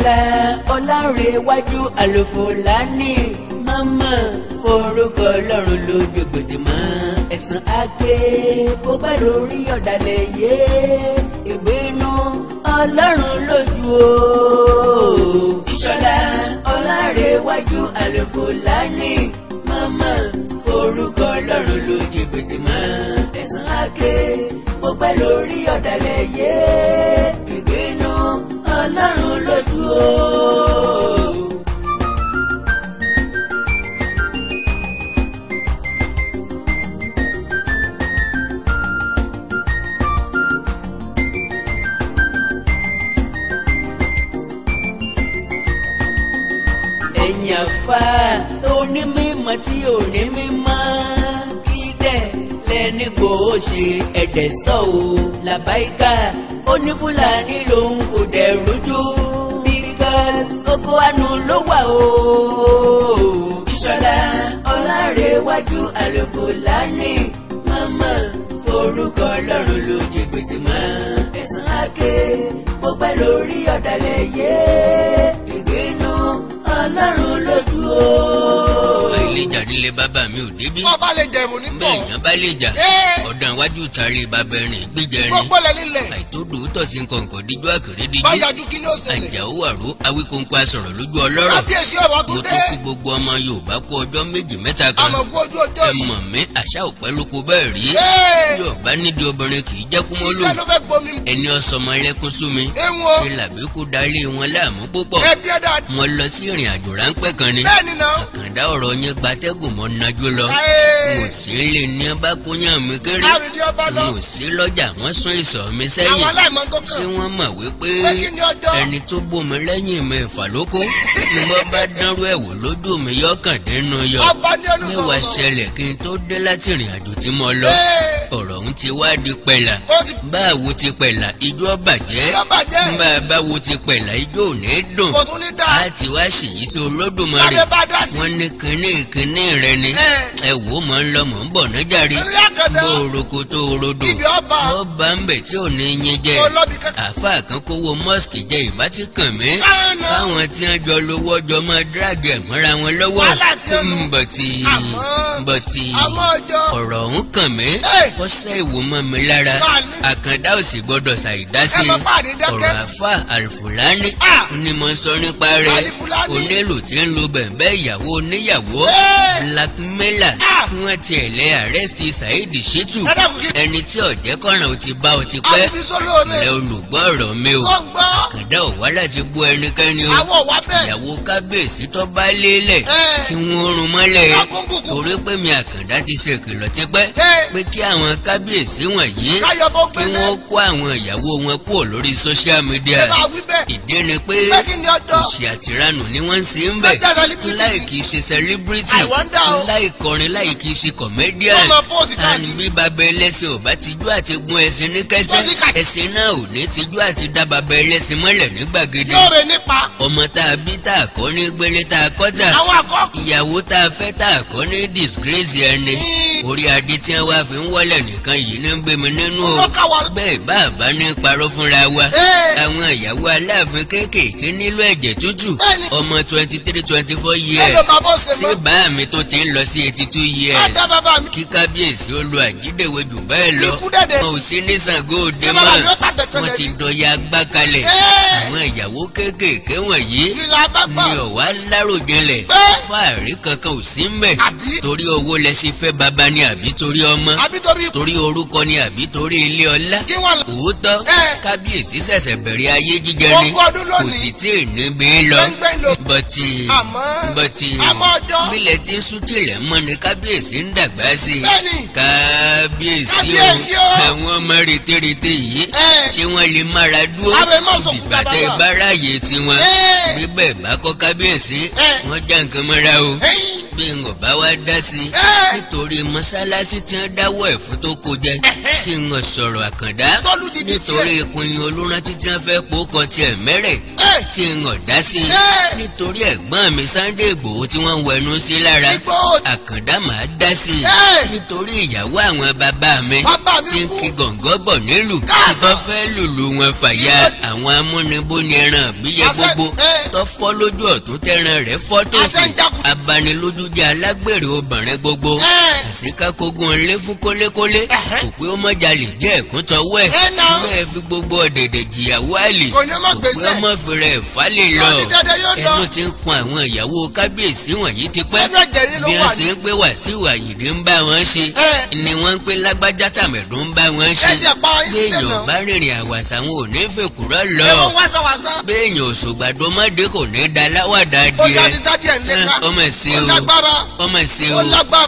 Àjàlá Ọlárewájú Àlùfòlání mama forúkọ Ọlọ́run ló jògbòtì mọ́ ẹ̀sán àgbẹ̀ bó bá lórí ọ̀dàlẹ̀ yé ìbínú Ọlọ́run lójú o. Ìṣọ̀lá Ọlárewájú Àlùfòlání mama forúkọ Ọlọ́run ló jògbòtì mọ́ ẹ̀sán àgbẹ̀ bó bá lórí ọ̀dàlẹ̀ yé ọlọ́run lójú o. èèyàn fa tó ní mímọ́ tí ò ní mímọ́ lẹ́ni kò ṣe ẹ̀dẹ̀ sọ o làbáyíká ó ní fúlàní lòun kò dẹ̀ rújú because oko àánú ló wà o. ìṣọ̀lá ọlárẹ̀wájú àlòfòlání màmá forúkọ ọlọ́run ló jìbìtì mọ́ ẹ̀sán àké mo pẹ́ lórí ọ̀dàlẹ̀ yé ìgbínú ọlọ́run lójú o. ìlẹ̀jà nílé bàbá mi ò débi lè jẹ ìrònú pọ̀. bẹ́ẹ̀ yẹn bá lè jà ọ̀dàn iwájú tari babẹrin gbẹjẹrin àìtódò tọ̀sí kọ̀ǹkọ̀ díjú àkèrè díjú àjàó àró awíkóńkó asọ̀rọ̀ lójú ọlọ́rọ̀ mo tún kí gbogbo ọmọ Yorùbá kú ọjọ́ méjì mẹ́ta kan ẹ mọ̀ mí àṣà òpẹ́ ló kó bẹ́ẹ̀ rí Yorùbá nídìí obìnrin kì í jẹ́ kú mọ́lò ẹni ọ̀sọ̀mọ ẹlẹ́kún sú mi ṣe làbí kó darí wọn láàmú púpọ̀ wọn lọ sí ìrìn àjò ráńpẹ́ kan ni àkàndá ọ̀rọ̀ yẹn gbatẹ́gùn mọ́ nájú lọ mo sí lè ní ọba kó yàn mí kéré mo sí lọ́jà wọ́n sún ìsọ̀ mi sẹ́yìn ṣé wọ́n mọ̀ wípé ẹni tó bomi lẹ́yìn mi ìfàlókò ni wọ́n bá dánrú ẹ̀ lójú mi yọkàn nínú yọ mẹ́wàá ṣẹlẹ̀ kí n tó dé láti ìrìn àjò tí mo lọ ọ̀rọ̀ ń ti wá di pẹ̀là báwo ti pẹ̀là ijó ọ̀bàjẹ́ báwo ti pẹ̀là ijó ò ní dùn á ti wá ṣèyí sí olódùmarè wọ́n ní kínní kínní rẹ ni ẹ wò ó mọ̀ ń lọ mọ̀ ń bọ̀ ní jàre bòròkò tó rodò ọba ń bẹ̀ tí ò ní yín jẹ àfa kan mọ́sìkì jẹ ìbá ti kàn mí káwọn tí wọ́n jọ lówó jọ máa dírágì ẹ̀mọ́ra wọn lọ́wọ́ bọ̀tì bọ̀tì ọ̀rọ̀ ń kàn mí kọ́sẹ́ ìwò mọ́ mi lára àkàndá ò sì gbọ́dọ̀ ṣàìdásí ọ̀rọ̀ àfa àlùfùlání ni mo sọ nípa rẹ̀ onílù tí ń lu bẹ̀ǹbẹ̀ ìyàwó oníyàwó blackmailer kí wọ́n ti ẹ̀lẹ́ àrẹ́sì Saheed Shittu ẹni tí ọ̀jẹ́ kọ̀ràn ò ti bá ò ti pẹ́ ilẹ̀ olùgbọ́ ọ̀rọ̀ mi o àkàndá ò wá láti bú ẹnikẹ́ni o ìyàwó kábíyèsí tó bá lélẹ̀ kí wọ́n rún mọ́lẹ̀ torí pé mi àkàndá ti ṣèkìlọ̀ tipẹ́ pé kí àwọn àwọn kábíyèsí wọ̀nyí kí wọ́n kó àwọn ìyàwó wọn kúrò lórí social media ìdí ni pé òṣì àtìránù ni wọ́n ń ń bẹ̀ láì kì ṣe celebrity láì kọrin láì kì ṣe comedian and bí bàbá ẹlẹ́sìn ò bá tijú àti gun ẹ̀sìn ní kẹsẹ̀ ẹ̀sìn náà ò ní tijú àti dá bàbá ẹlẹ́sìn mọ́lẹ̀ ní gbàgede ọmọ tá a bí tá a kọ́ ní gbélé tá a kọ́ tà ìyàwó tá a fẹ́ tá a kọ́ ní disgrace ẹni orí adé tí wọ́n wá fi ń wọlé ẹnìkan yìí ní ń gbé mi nínú o bẹ́ẹ̀ bá ní parọ́ fúnra wa àwọn ìyàwó aláàfin kéékèèké nílò ẹ̀jẹ̀ tútù ọmọ twenty three twenty four years ṣé bá mi tó ti ń lọ sí eighty two years kí kábíyèsí ó lo àjídẹ̀wé jù bẹ́ẹ̀ lọ wọn ò sí ní Ṣàngó mọ́ wọn ti dọ̀yà agbákalẹ̀ àwọn ìyàwó kéékèèké wọ̀nyí ni ọ̀wá láròjinlẹ̀ fáàrí kankan ò sí mbẹ̀ torí owó lẹ ṣe fẹ́ baba ni àbí torí ọmọ torí orúkọ ni àbí torí ilé ọlá òótọ́ kábíyèsí ṣẹ̀ṣẹ̀ bẹ̀rẹ̀ ayé jíjẹ ni kò sì tí ì níbi lọ bọ́tì bọ́tì bílẹ̀ tí ń sún tìlẹ̀ mọ́ ni kábíyèsí ń dàgbà sí i kábíyèsí o àwọn ọmọ retirete yìí ṣé wọ́n lè mára dúró ìgbà tẹ báráyé tiwọn bíbẹ̀ bá kọ́ kábíyèsí wọ́n já nǹkan mọ́ra o bí n ò bá wá dá sí i nítorí mọ́sálásí tí wọ́n dáwọ́ ẹ̀fọ́ ó tó kó jẹ sí ń sọ̀rọ̀ àkàndá nítorí ìpinnu olórántí tí wọ́n fẹ́ pò kọ tiẹ̀ mẹ́rẹ̀ tí ń ọ̀dá sí nítorí ẹ̀gbọ́n mi Sunday Ìgbòho tí wọ́n wẹnu sí lára àkàndá màá dá sí nítorí ìyàwó àwọn bàbá mi tí ń kí gọ̀ǹgọ́ bọ̀ nílùú tó fẹ́ lùlù wọn fàyà àwọn amúnibó ẹran àbíyẹ gbogbo tó fọ́ lójú ọ̀tún tẹ́ran rẹ̀ fọ́ tòsí abanilójú jẹ́ alágbèrè obìnrin gbogbo àsìkákógún ilé kólé kò pé ó mọ jalè jẹ́ ẹ̀kún tọwọ́ ẹ̀ bẹ́ẹ̀ fi gbogbo ọ̀dẹ̀dẹ̀ jìyàwó àlè kò pé ó mọ fèrè ìfálè lọ ẹnu ti ń kun àwọn ìyàwó kábíyèsí wọ̀nyí ti pẹ́ bí wọ́n sì ń pé Wàsíù Àyìndé ń bá wọn ṣe ni wọ́n ń pé lágbájá tàmẹ̀dù ń bá wọn ṣe béèyàn bá rìnrìn àwàsà wọn ò ní fèkúrọ́ lọ béèyàn òṣùgbàdo mọ́dé kò ní da láwàdà díẹ̀ ọmọ ìṣe o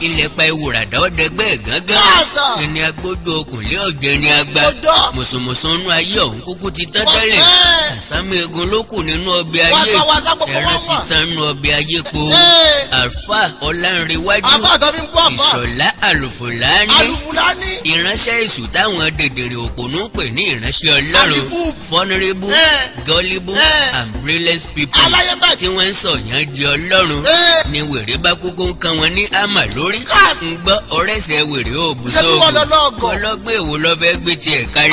ilẹ̀ pa ìwòràdà ọ̀dẹ́gbẹ́ gángan ẹni agbójú okùnlé ọ̀jẹ̀ ni agba mùsùnmùsùn nú ayé ọ̀hún kúkú ti tán tẹ́lẹ̀ àsámi egun ló kù nínú ọbẹ̀ ayé ẹran ti tán nú ọbẹ̀ ayé po alfa ọlánrewájú ìṣọ̀lá àlùfòlání ìránṣẹ́ èṣù táwọn dèdèrè òpònú pè ní ìránṣẹ́ ọlọ́run vulnerable gullible and brilliant people tí wọ́n ń sọ̀yàn di ọlọ́run ni wèrè bá kúkú ń kan wọn ní àmà lórí ń gbọ́ ọ̀rẹ́sẹ̀ wèrè òbúso olóògùn ọlọ́gbẹ́ èwo lọ́fẹ́ gbé tiẹ̀ kárí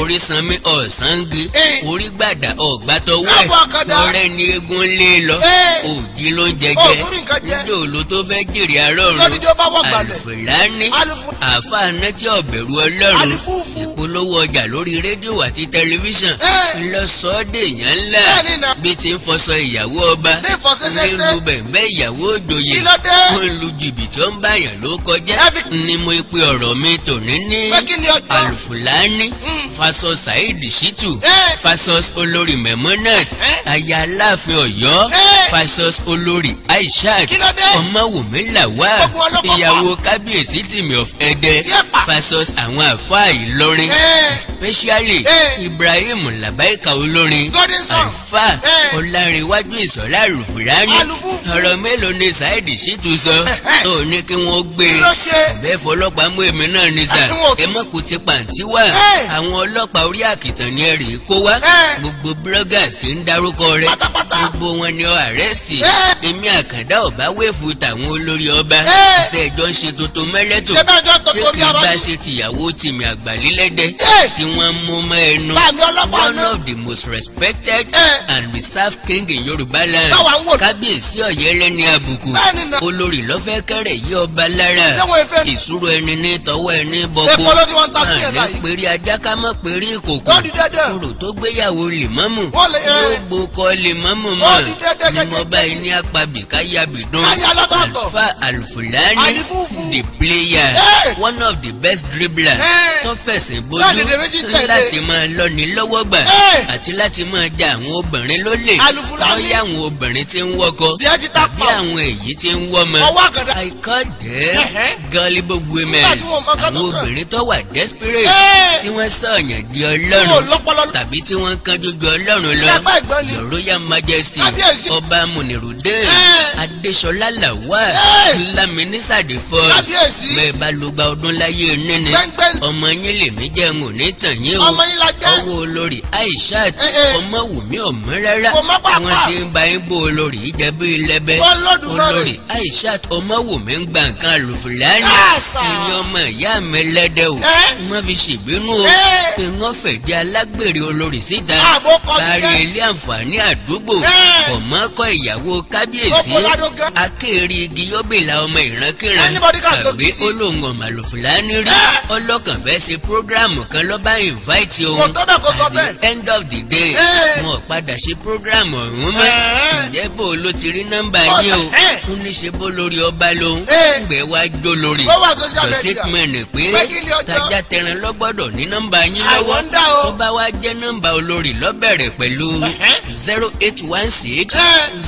orí sanmi ọ̀sánge orí gbàdà ọ̀gbàtọ̀wọ́ ẹ̀ ọ̀rẹ́ ni egun lé lọ òjì ló ń jẹjẹ níjẹ́ òòlù tó fẹ́ jèrè arọ́run àlùfẹ́lání àfààní tí ọ̀bẹ̀rù ọlọ́run ìpolówó ọjà lórí rédíò àti tẹlifíṣàn ńlọsọdẹ èèyàn ńlá bí ti ń fọṣọ ìyàwó ọba nílùú bẹ̀m̀bẹ̀ ìyàwó òjòyè ń lu jìbìtì ó ń báyàn ló kọjá ni mo pe ọ̀rọ̀ ọ̀rọ̀ mi tòní ní alufulani hmm. fasos saheed shitu fasos olórí memonat aya aláàfin ọ̀yọ́ fasos olórí aishat ọmọwùmí làwà ìyàwó kábíyèsí tìmí of ẹdẹ fasos àwọn àfáà ìlọrin especially ibrahim labaika olórin alfa ọlárẹ̀wájú ìsọ̀lá alufulani ọ̀rọ̀ mélòó ni saheed sọ tó ní kí wọ́n gbé bẹ́ẹ̀ fọlọ́pàá mú èmi náà ní sà ẹ mọ̀ ti pàǹtí wà àwọn ọlọ́pàá orí àkìtàn ní ẹ̀rí kó wá gbogbo bloggers ti ń dárúkọ rẹ gbogbo wọn ni ọ àrẹ́sìtì èmi àkàndá ọ̀bá wéèfù tàwọn olórí ọba tẹ̀jọ́ ń ṣe tuntun mẹ́lẹ́tò tí kì í bá ṣe tìyàwó tìmí àgbàlélẹ́dẹ́ tí wọ́n mú mọ́ ẹnu one of the most respected and reserved king in Yorùbá land kábíyèsí ọ̀yẹ́lẹ́ni àbùkù olórí lọ́fẹ́ kẹrẹ̀ yí ọba lára ìṣúrò ẹni ní tọwọ́ ẹ ní bọ́gbó. epo ló wọn ta sílẹ̀ báyìí. pèrè ajá ká pèrè ìkòkò. wọ́n di dẹ́dẹ́. kúrò tó gbéyàwó lèmọ́mù. wọ́n lè ẹ eh. gbogbo kọ lèmọ́mù mọ̀. wọ́n di dẹ́dẹ́ gẹ́gẹ́. mímọ báyìí ní apabì káyà bìdún. káyà lọ́tọ̀ọ̀tọ̀. alfa alfulani. the player. Eh. one of the best dribblers. Eh. tó fẹsẹ̀ bójú. láti máa lọ lọ́wọ́ gbà. àti láti máa ja àwọn obìnrin lólè. alufulani. lọ́yà àwọn obìnrin ti ń wọkọ. bí àwọn èyí ti ń wọ́mọ. ọwọ́ i call them gullible women wọn mọ kátó kan. obìnrin tó wà desperate tí wọ́n sọ̀yàn di ọlọ́run tàbí tí wọ́n kánjú ju ọlọ́run lọ your royal majesty ọba amúnirùdé adéṣọlá làwà lamini sàdéfọ́ bẹ́ẹ̀ bá ló gba ọdún láyé níní ọmọ yín lèmi jẹ́ ń ò ní tàn yín o ọwọ́ olórí aishat ọmọ wùmí ọmọ rárá wọ́n ti ń ba yín bó olórí jẹ́ bí lẹ́bẹ́ olórí aishat ọmọ wùmí ń gba nǹkan àlùfùlání ìyẹn ọmọ ọmọ ìyá mi lẹ́dẹ̀ o wọ́n fi ṣèbínú o pé wọ́n fẹ̀dí alágbèrè olórí síta láàrin ilé àǹfààní àdúgbò kọ̀mọ́kọ́ ìyàwó kábíyèsí akéèrè igi yóbìlà ọmọ ìrankíran tàbí olóhùn ọ̀màlùfùlà ní rí ọlọ́kàn fẹ́ ṣe prógráàmù kan lọ́ba invite òun at the end of the day wọn ò padà ṣe prógráàmù ọ̀hún mọ́ ǹjẹ́ bó ló ti rí nọ́mbà yín o ó ní ṣe bó lórí ọba lòun ń gbẹ jó lórí statement pé tajà tẹran lọ́gbọ́dọ̀ ní nọ́mbà yín lọ́wọ́ tó bá wá jẹ́ nọ́mbà olórí lọ́bẹ̀rẹ̀ pẹ̀lú zero eight one six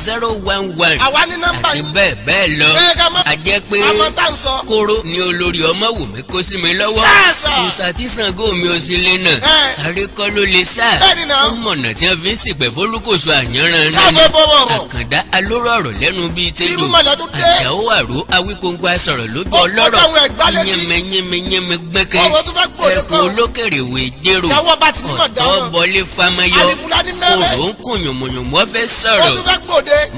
zero one one àti bẹ́ẹ̀ bẹ́ẹ̀ lọ a jẹ́ pé kóró ni olórí ọmọ wò mí kó sí mi lọ́wọ́ musa tí Ṣàngó mi ò sí lé náà àríkọ́ ló lè sá ó mọ̀nà tí wọ́n fi ń sìpẹ̀ fólúkòso àyànran náà àkàndá alóró ọ̀rọ̀ lẹ́nu bíi tẹ́lẹ̀ àjàó àrò awíkóńgó asọ̀rọ̀ lójú ọlọ́rọ̀ ìyẹn yẹmẹyẹmẹyẹmẹ gbẹkẹ ẹkùn olókèrè wè dérò ọtọ bọlé famayọ òrò ń kùn yùmùyùmù ọfẹ sọ̀rọ̀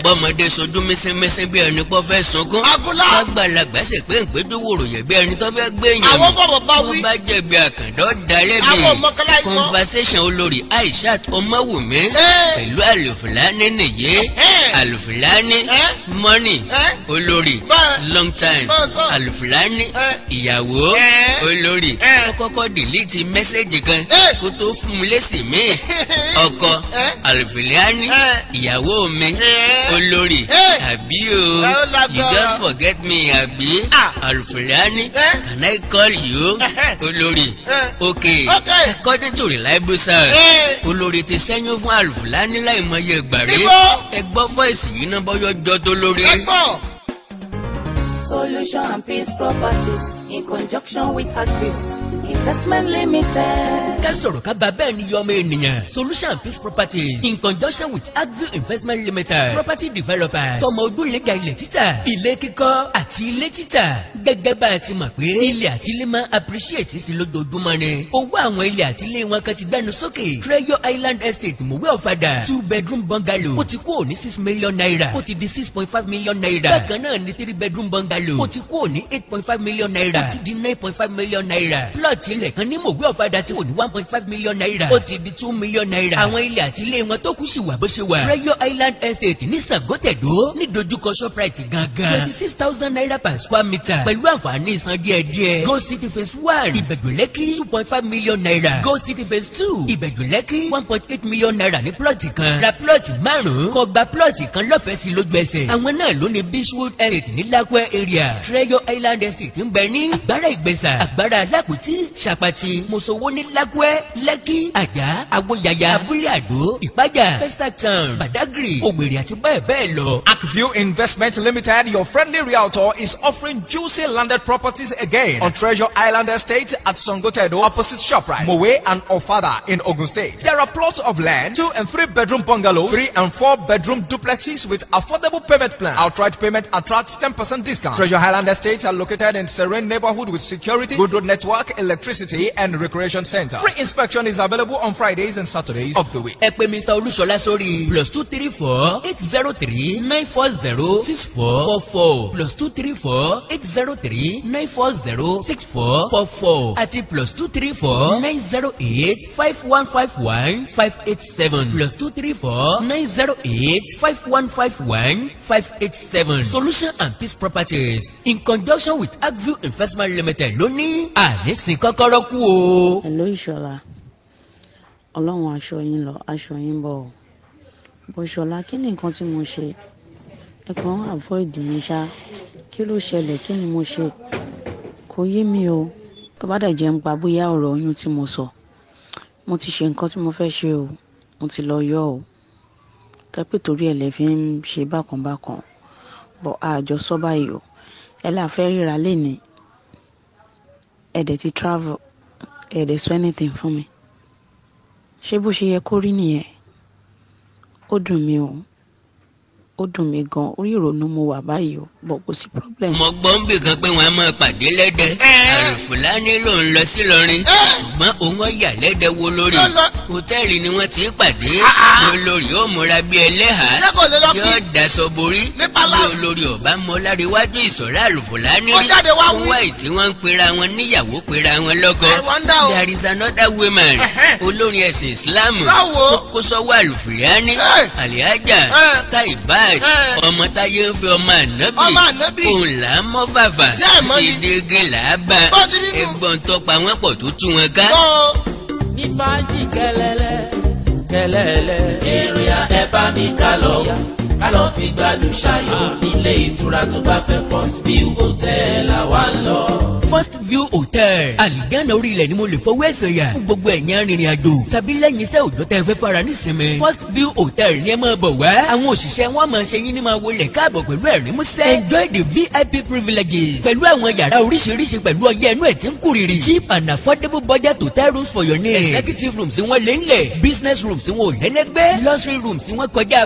bọmọdé sojú mẹsẹmẹsẹ bí ẹni pọ fẹ́ sunkún lágbàlagbà sì pé ngbẹdú yẹ bí ẹni tó fẹ́ gbẹ̀yìn wọn bá jẹ̀bi àkàndọ dalẹ mi conversation olórí Aishat Ọmọwùmí pẹ̀lú àlùfùlání nìyé àlùfùlání mọ́nì olórí long time àlùfùlání ìyá ìyàwó olórí ó kọ́kọ́ dìlítì mẹ́sẹ̀gì kan kó tó fún mi lésì mi ọkọ àlùfẹ́lẹ́ánì ìyàwó mi olórí àbí o you just forget me àbí àlùfẹ́lẹ́ánì can I call you olórí ok according to reliable source olórí ti sẹ́yìn fún àlùfẹ́lẹ́ánì láì mọye gbàrí ẹ gbọ́ fọ́ èsì yìí náà bọ́yọ́ jọ tó lórí. solution and peace properties in conjunction with AgriHub. investment limited. ká sọ̀rọ̀ ká bá bẹ́ẹ̀ ni yọmọ ènìyàn solution peace properties in conjunction with agri investment limited property developers tọmọ ogúnlẹ̀gà ilẹ̀ títà ilé kíkọ́ àti ilé títà gẹ́gẹ́ bá a ti mọ̀ pé ilẹ̀ àti ilé máa appreciate sí lójoojúmọ́ ni owó àwọn ilẹ̀ àti ilé wọn kan ti gbẹnu sókè treasure island estate mọ̀wé ọ̀fadà two bedroom bungalow ó ti kú òní six million naira ó ti di six point five million naira bákan náà ni three bedroom bungalow ó ti kú òní eight point five million naira ó ti di nine point five million naira plot tilẹ̀ kan ní mògbé ọ̀fadà tí wò ní one point five million naira ó ti di two million naira àwọn ilẹ̀ àti ilé wọn tó kù sì wà bó ṣe wà treasure island estate ní sàgótẹ̀dó ní dojúkọ shoprite gangan twenty six thousand naira per square meter pẹ̀lú àǹfààní ìsan díẹ̀díẹ̀ go city phase one ìbẹ̀jọ̀lẹ́kì two point five million naira go city phase two ìbẹ̀jọ̀lẹ́kì one point eight million naira ní plọ̀tì kan ra plọ̀tì márùn-ún kó gba plọ̀tì kan lọ́fẹ̀ẹ́ sí lójú ẹsẹ̀ àwọn náà ló ní beachwood estate ní lakwe area treasure island estate ń bẹ ní àgbára ìgbẹ̀sà àgbára alákùtì ṣàpàtì mùsòwò ní lágúẹ́ lẹ́kí àjà àgboyàyà abúlé àdó ìpájà festac town badagry ògbèrè àti bẹ́ẹ̀ bẹ́ẹ̀ lọ. Akview Investment Limited your friendly realtor is offering juicy landed properties again on Treasure Island Estate at Songotedo, opposite ShopRite, Mowe and Ofada in Ogun State. There are plots of land, two and three bedroom bungalows, three and four bedroom duplexes with affordable payment plan. Outright payment attracts 10% discount. Treasure Island Estates are located in serene neighborhood with security, good road network, electric. Electricity and Recreation Center. Free inspection is available on Fridays and Saturdays of the week. Ẹ pè Mr. Olúṣọlá sórí plus two three four eight zero three nine four zero six four four four plus two three four eight zero three nine four zero six four four four àti plus two three four nine zero eight five one five one five eight seven plus two three four nine zero eight five one five one five eight seven Solution and Peace Properties in conjunction with Agview Investment Limited lónìí àníṣin kọ́kọ́rọ́ kú o. hello ìṣọ̀lá ọlọ́run aṣọ yín lọ aṣọ yín bọ̀ ọ́ bọ́ ṣọlá kí ni nǹkan tí mo ṣe ẹ kàn ń avoid mi ṣá kí ló ṣẹlẹ̀ kí ni mo ṣe kò yé mi o tó bá dẹ̀ jẹ́ ń pa bóyá ọ̀rọ̀ oyún tí mo sọ mo ti ṣe nǹkan tí mo fẹ́ ṣe o mo ti lọ yọ o tẹ́pẹ́ torí ẹ̀ lè fi ń ṣe bákan bákan bọ́ àjọ báyìí o ẹ láà fẹ́ ríra lénìí ẹ̀dẹ̀ ti travel ẹ̀dẹ̀ sọ anything fún mi ṣé bó ṣe yẹ kó rí nìyẹn ó dùn mí o ó dùn mí gan orí ìrònú mo wà báyìí o bọ̀ kò sí problem. mo gbọ́ ń bì kan pé wọ́n á máa pàdé lẹ́dẹ̀ àrùn ló ń lọ sí lọrin ṣùgbọ́n òun ọ̀yà lẹ́dẹ̀ wo lórí hòtẹ́ẹ̀lì ni wọ́n ti pàdé ah, ah. olórí ó múra bí ẹlẹ́hà yóò daṣọ borí olórí ọ̀bá mọ́láre wájú ìsọ̀rọ̀ àrùn fúlàní rí wọ́n wọ́n ń pera wọn níyàwó pera wọn lọ́kọ there is another woman olórin ẹ̀sìn hajj ọmọ táyé ń fi ọmọ ànábì òun là á mọ́ fàfà ìdíje là á bá ẹgbọ́n tọpa wọn pọ̀ tó tú wọn ká. ní kẹlẹlẹ kẹlẹlẹ èrè ẹ bá lọ ká lọ fi gbádùn ṣayọ̀ nílé ìtura tó bá fẹ́ first view hotel àwa lọ. first view hotel àlìgánná orí ilẹ̀ ni mo lè fọwọ́ ẹ̀sọ̀ yà fún gbogbo ẹ̀yin arìnrìn àjò tàbí lẹ́yìn iṣẹ́ òjò tẹ́ fẹ́ fara nísinmi first view hotel ni ẹ máa bọ̀ wá àwọn òṣìṣẹ́ wọn máa ṣe yín ní máa wọlé káàbọ̀ pẹ̀lú ẹ̀rín músẹ́ enjoy the vip privileges pẹ̀lú àwọn yàrá oríṣiríṣi pẹ̀lú ọyẹ́ ẹnu ẹ̀ tí ń kúrìrì cheap and affordable budget hotel rooms for your name. executive rooms wọn lé ńlẹ̀ business rooms wọn ò lẹ́lẹ́gbẹ́ luxury rooms wọn kọjá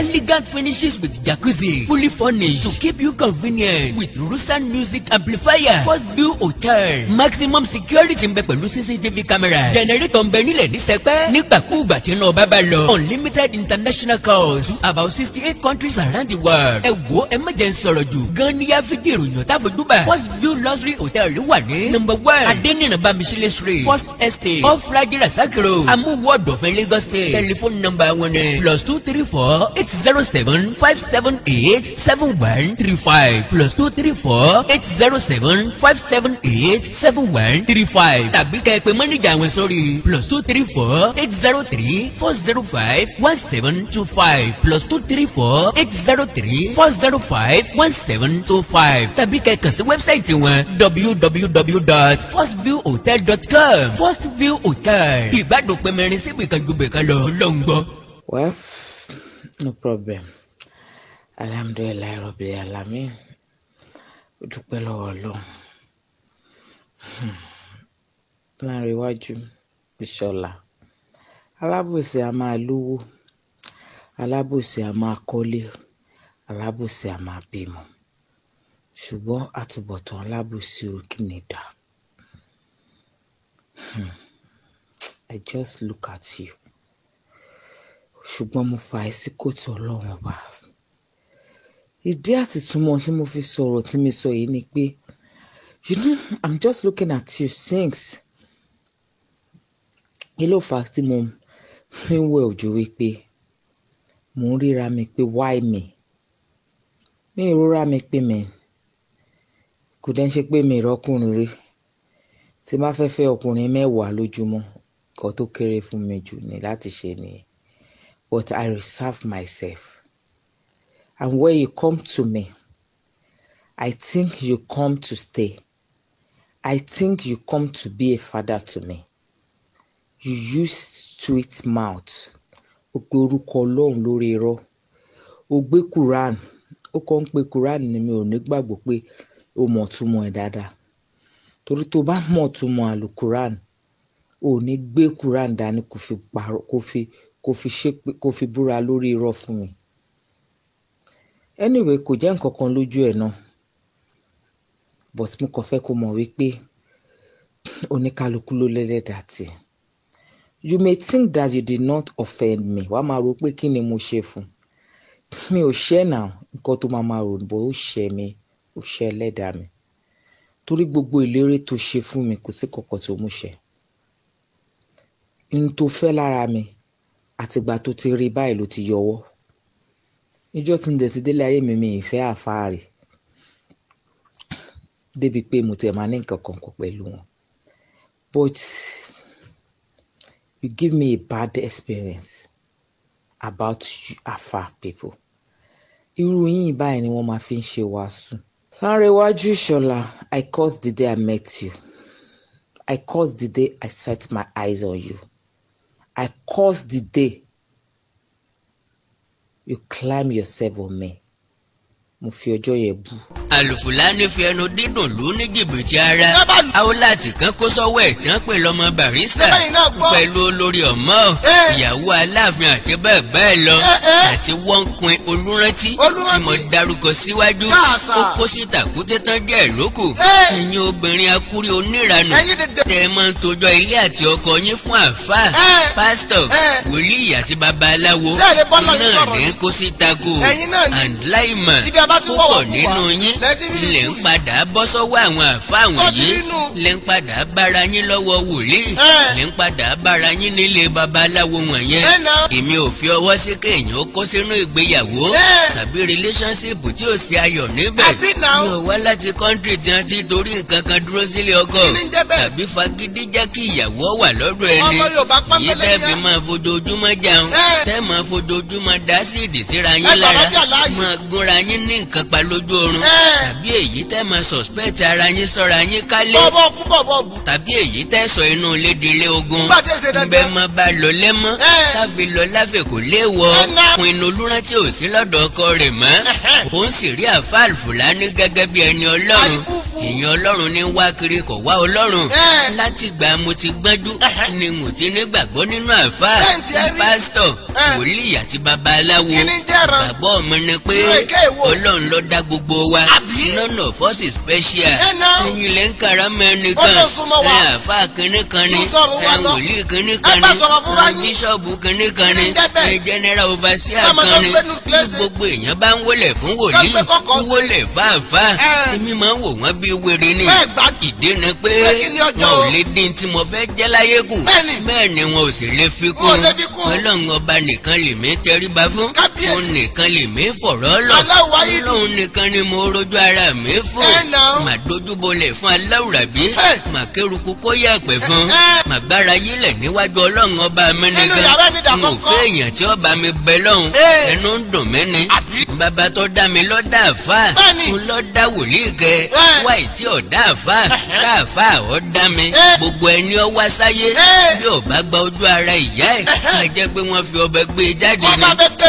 elegant fún finishes with jacuzzi. Fully furnished to keep you convenient with Rusan music amplifier. First view hotel. Maximum security ń bẹ pẹ̀lú CCTV cameras. Generator ń bẹ nílẹ̀ ní sẹpẹ́. Nígbàkúùgbà tí iná ọba bá lọ. Unlimited international calls to about sixty eight countries around the world. Ẹ wo ẹ má jẹ́ ń sọ̀rọ̀ jù. Gan ni yá ìròyìn ọ̀tá fojúbà. First view luxury hotel wà ní. Number one Adéníran Bámisílẹ̀ street. First estate off Rajira Sakiro. Amúwọ̀dọ̀fẹ́ Lagos state. Telephone number wọn ni plus two three four eight zero seven seven five seven eight seven one three five plus two three four eight zero seven five seven eight seven one three five tàbí kẹ́ ẹ pè mọ́nìjà àwọn sórí plus two three four eight zero three four zero five one seven two five plus two three four eight zero three four zero five one seven two five tàbí kẹ́ ẹ kàn sí wẹ́bsáìtì wọn www.firstviewhotel.com first view hotel ìbádùn pẹ̀mẹ́rin síbi kan ju bẹ̀kan lọ lọ́ngbọ́n. well no problem alhamdulilayi rabi alami dúpẹ́ lọ́wọ́ ọlọ́run láàrin iwájú ìṣọ̀lá alábòsí a máa lówó alábòsí a máa kọ́lé alábòsí a máa bímọ ṣùgbọ́n àtúbọ̀tán alábòsí ò kì ní dá I just look at you ṣùgbọ́n mo fà ẹ́ sí kòtò ọlọ́run ọba ìdí àti túmọ̀ tí mo fi sọ̀rọ̀ tí mi sọ yìí ni pé you know i'm just looking at you since kí ló fà á tí mo fi ń wẹ òjò wípé mò ń ríra mi pé why me mi ìrora mi pé mi kò dẹ́n ṣe pé mi ìrọ́kùnrin rí tí má fẹ́ fẹ́ ọkùnrin mẹ́wàá lójúmọ́ nǹkan tó kéré fún mi jù ní láti ṣe nìyẹn but i reserve myself and where you come to me. I think you come to stay. I think you come to be a father to me. You use sweet mouth. O pe orúkọ Ọlọ́run lórí irọ́. O gbé Quran. Ó kàn ń pe Quran ni mi ò ní gbàgbọ́ pé o mọ̀ túmọ̀ ẹ̀ dáadáa. Torí tó bá mọ̀ túmọ̀ àlùkùrán, o ní gbé Quran dání kò fi pààrọ̀ kò fi kò fi ṣépè kò fi búra lórí irọ́ fún mi anyway kò jẹ́ nǹkan kan lójú ẹ̀ náà but mo kàn fẹ́ kó mọ̀ wípé oníkálukú ló lẹ́lẹ́dàá tiẹ̀ you may think that you did not offend me wàá máa rò pé kí ni mo ṣe fún mi ò ṣe náà nǹkan tó máa máa rò bó ó ṣe mi ò ṣe ẹlẹ́dàá mi torí gbogbo ìlérí tó ṣe fún mi kò sí kankan tó mú ṣe n tó fẹ́ lára mi àtìgbà tó ti rí báyìí ló ti yọwọ́ níjọ́ tí ń dẹ̀ ti délé ayé mi mi ìfẹ́ àfáàrí débi pé mo tiẹ̀ máa ní nǹkan kan pẹ̀lú wọn but you give me a bad experience about you afa people irú yìnyín báyìí ni wọ́n máa fi ń ṣe wàásù. Lárẹ̀wájú Ìṣọ̀lá I cursed the day I met you I cursed the day I set my eyes on you I cursed the day you climb yourself on oh me. mo fi ọjọ́ yẹn bú. àlùfùlání fi ẹnu dídùn lù ní jìbìtì ara Aolaty kan kó sọ́wọ́ ẹ̀ tí wọ́n pè lọ́mọ barista pẹ̀lú olórí ọmọ ìyàwó aláàfin àti bẹ́ẹ̀ bẹ́ẹ̀ lọ àti wọ́n kun olúrántí tí mo dárúkọ síwájú ó kó síta kó tẹ́tán díẹ̀ lóko ẹ̀yin obìnrin akúrí oníranù tẹ́ ẹ máa ń tojọ́ ilé àti ọkọ yín fún àáfà pásítọ̀ wòlíì àti babaláwo náà ní kó síta go and láìmọ̀ púpọ̀ nínú yín lè ń padà bọ́ sọ́wọ́ àwọn àfáà wọ̀nyí lè ń padà bára yín lọ́wọ́ wòlíì lè ń padà bára yín nílé babaláwo wọ̀nyẹn èmi ò fi ọwọ́ sí kéèyàn ó kó sínú ìgbéyàwó tàbí relationship tí ò sí ayọ̀ níbẹ̀ mi ò wá láti country tí wọ́n ti torí nǹkan kan dúró sílé ọkọ tàbí fagídí jẹ́ kí ìyàwó wà lọ́dọ̀ ẹni yìí tẹ́ fi máa fojoojúmọ́ jẹun tẹ́ máa fojoojúmọ́ dá sí ìdí síra yín lára máa gúnra yín ní nǹkan pa lójú oorun tàbí èyí tẹ́ máa suspect ara yín sọ́ra yín kálé tàbí èyí tẹ́ sọ inú ilé di ilé ogun ńbẹ mọ bá lọ lẹ́mọ́ káfí lọ láfẹ̀ kò léèwọ̀ fún inú olúrántí ò sí lọ́dọ̀ ọkọ rẹ̀ mọ́ òun sì rí àfáàlù fúlàní gẹ́gẹ́ bí ẹni ọlọ́run èèyàn ọlọ́run ní wá kiri kò wá ọlọ́run láti gbà mo ti gbẹ́jú ni mo ti nígbàgbọ́ nínú àfáà pásítọ̀ wòlíì àti babaláwo bàbá ọmọ ni pé ọlọ́ ọlọ́run ló dá gbogbo wa none of is special ẹ̀yin lè ń kàrà mẹ́rin kan ẹ̀ àfa kínní kan ni ẹ̀ wòlíì kínní kan ni bíṣọ̀bù kínní kan ni ẹ̀ general overseer kan ni gbogbo èèyàn bá ń wọlé fún wòlíì wọlé fáfá èmi máa ń wò wọ́n bí wèrè ni ìdí ni pé wọn ò lè dín tí mo fẹ́ jẹ́ láyé kù bẹ́ẹ̀ ni wọn ò sì lè fi kún ọlọ́run ọba nìkan lèmi tẹríba fún òun nìkan lèmi fọ̀rọ̀ lọ ọlọ́run nìkan ni mo rojú ara mi fún mà dojúbolẹ̀ fún aláwùrábí mà kéruku kó yàgbẹ́ fún mà gbára yílẹ̀ níwájú ọlọ́run ọba mi nìkan mo fẹ́ èèyàn tí ọba mi bẹ lọ́hùn ẹnu ń dùn mí ni bàbá tó dá mi lọ́dà àfà mo lọ́dà wòlíì kẹ wáì tí ọ̀dà àfà káàfà ọ̀dà mi gbogbo ẹni ọ wá sáyé bí ọba gba ojú ara ìyá ẹ̀ ká jẹ́ pé wọ́n fi ọbẹ̀ gbé e jáde ni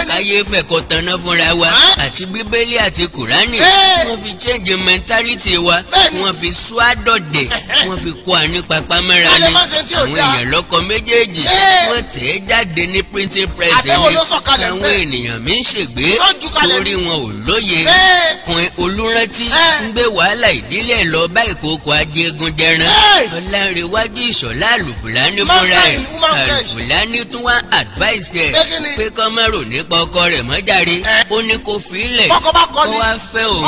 káyé fẹ̀kọ̀ tanná fúnra wa àti bíbélì bíbélì àti kùránì wọ́n fi change mentality wa wọ́n fi sọ àdọ̀dẹ̀ wọ́n fi kó àní papamọ́ra ni àwọn èèyàn lọ́kọ méjèèjì wọ́n tẹ̀ ẹ́ jáde ní printing press ni àwọn ènìyàn mi ń ṣègbè torí wọn ò lóye kun olùrántí ń gbé wàhálà ìdílé lọ bá ìkókò ajégun jẹran ọlárẹ̀wájú ìṣọ̀lá àlùfùlání fúnra ẹ̀ àlùfùlání tún wá advice ẹ̀ pé kọ́mọ́rò nípa ọkọ rẹ̀ mọ́járe ó ní kó fi í ọkọ ni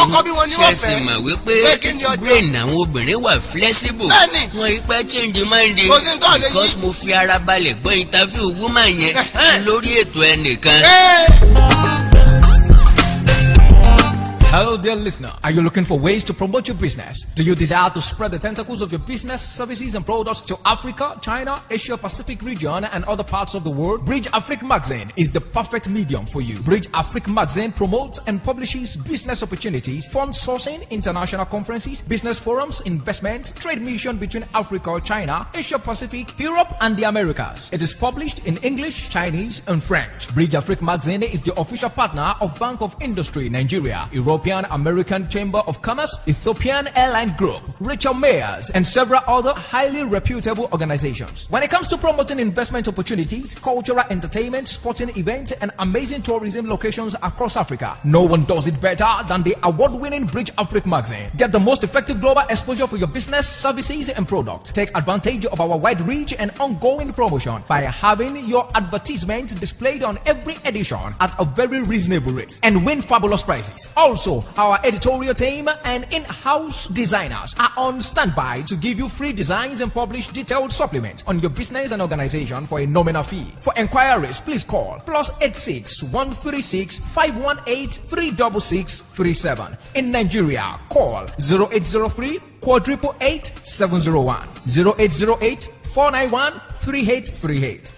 ọkọ bí wọn ni wọ́n fẹ́ ṣẹ̀sìn mọ̀ wípé brain àwọn obìnrin wà flexible wọn ipa change mind because mo fi ara balẹ̀ gbọ́ interview woman yẹn eh. lórí ètò ẹnìkan. Eh. Hello, dear listener. Are you looking for ways to promote your business? Do you desire to spread the tentacles of your business, services, and products to Africa, China, Asia Pacific region, and other parts of the world? Bridge Africa Magazine is the perfect medium for you. Bridge Africa Magazine promotes and publishes business opportunities, fund sourcing, international conferences, business forums, investments, trade mission between Africa, China, Asia Pacific, Europe, and the Americas. It is published in English, Chinese, and French. Bridge Africa Magazine is the official partner of Bank of Industry Nigeria, Europe. Ethiopian American Chamber of Commerce, Ethiopian Airline Group, Richard Mayers, and several other highly reputable organizations. When it comes to promoting investment opportunities, cultural entertainment, sporting events, and amazing tourism locations across Africa, no one does it better than the award-winning Bridge Africa magazine. Get the most effective global exposure for your business, services, and products. Take advantage of our wide reach and ongoing promotion by having your advertisement displayed on every edition at a very reasonable rate and win fabulous prizes. Also, also, our editorial team and in-house designers are on standby to give you free designs and publish detailed supplements on your business and organization for a nominal fee. For inquiries, please call plus 86 136 518 36637. In Nigeria, call 0803 quadruple 701 0808 491 3838